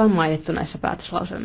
olekaan mainittu näissä päätöslauselmissa.